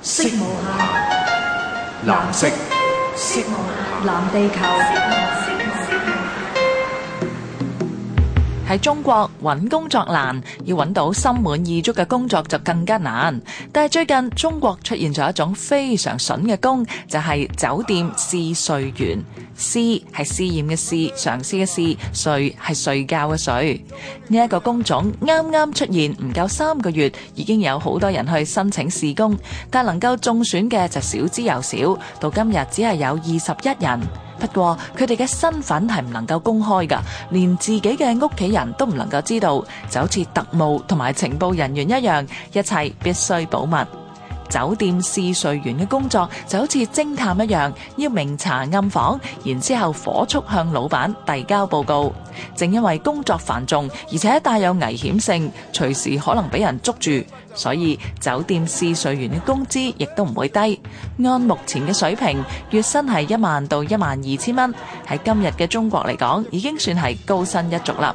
色無限，藍色。色無限，藍地球。喺中國揾工作難，要揾到心滿意足嘅工作就更加難。但係最近中國出現咗一種非常笋嘅工，就係酒店試睡員。試係試驗嘅試，嘗試嘅試；睡係睡覺嘅睡。呢一個工種啱啱出現，唔夠三個月，已經有好多人去申請試工，但能夠中選嘅就少之又少。到今日只係有二十一人。不過，佢哋嘅身份係唔能夠公開噶，連自己嘅屋企人都唔能夠知道，就好似特務同埋情報人員一樣，一切必須保密。酒店試睡員嘅工作就好似偵探一樣，要明查暗訪，然之後火速向老闆遞交報告。正因為工作繁重，而且帶有危險性，隨時可能俾人捉住，所以酒店試睡員嘅工資亦都唔會低。按目前嘅水平，月薪係一萬到一萬二千蚊，喺今日嘅中國嚟講，已經算係高薪一族啦。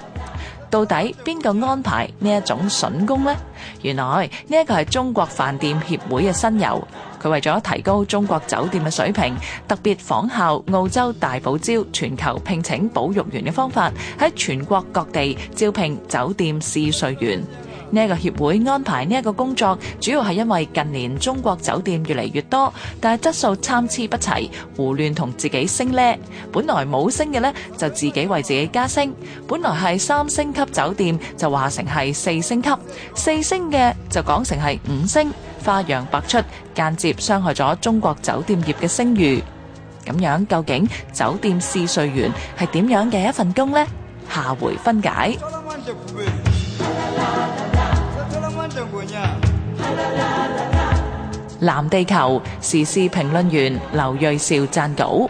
到底邊個安排呢一種筍工呢？原來呢一個係中國飯店協會嘅新猷，佢為咗提高中國酒店嘅水平，特別仿效澳洲大堡礁，全球聘請保育員嘅方法，喺全國各地招聘酒店試睡員。呢一個協會安排呢一個工作，主要係因為近年中國酒店越嚟越多，但係質素參差不齊，胡亂同自己升呢。本來冇升嘅呢，就自己為自己加升；本來係三星級酒店，就話成係四星級，四星嘅就講成係五星，花樣百出，間接傷害咗中國酒店業嘅聲譽。咁樣究竟酒店試睡員係點樣嘅一份工呢？下回分解。藍地球時事評論員劉銳紹撰稿。